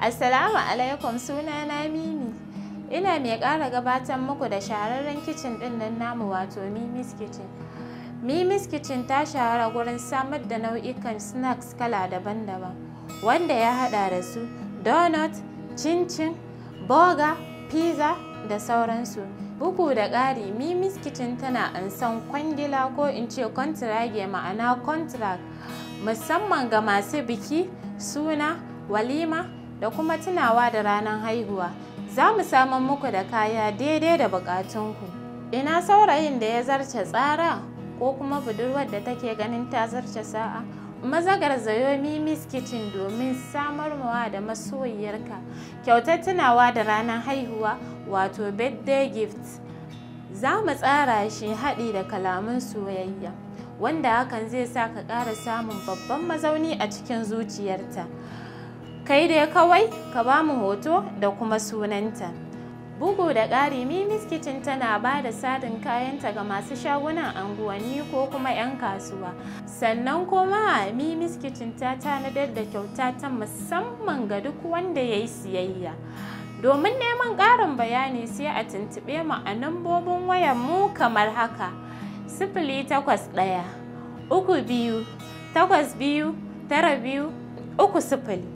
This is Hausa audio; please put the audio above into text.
Assalamu alaikum suna na Mimi. Ina mai ƙara gabatar muku da shahararren kicin ɗin nan namu wato Mimi's Kitchen. Mimi's Kitchen ta shahara gurin samar da nau'ikan snacks kala daban-daban wanda ya haɗa da su donut, cincin cin burger, pizza da sauransu. Bugu da ƙari, Mimi's Kitchen tana ansan kwangila ko in ce kontrage ma'ana contract musamman ga masu biki, suna, walima, da kuma tunawa da ranar haihuwa za mu saman muku da kaya daidai da bukatunku ina saurayin da ya zarce tsara ko kuma budurwar da take ganin ta zarce sa'a mazagar zayo mimis kitchen domin samar mawa da masoyiyarka kyautar tunawa da ranar haihuwa wato birthday gift za mu tsara shi haɗi da kalaman soyayya wanda hakan zai sa ka ƙara samun babban mazauni a cikin zuciyarta kai dai kawai ka ba mu hoto da kuma sunanta bugu da ƙari mimis kitchen tana ba da sadin kayanta ga masu shagunan anguwanni ko kuma 'yan kasuwa sannan kuma mimis kitchen ta tanadar da kyauta ta musamman ga duk wanda ya yi siyayya domin neman ƙarin bayani sai a tuntuɓe mu a nambobin wayar mu kamar haka sifili takwas ɗaya uku biyu takwas biyu tara biyu uku sifili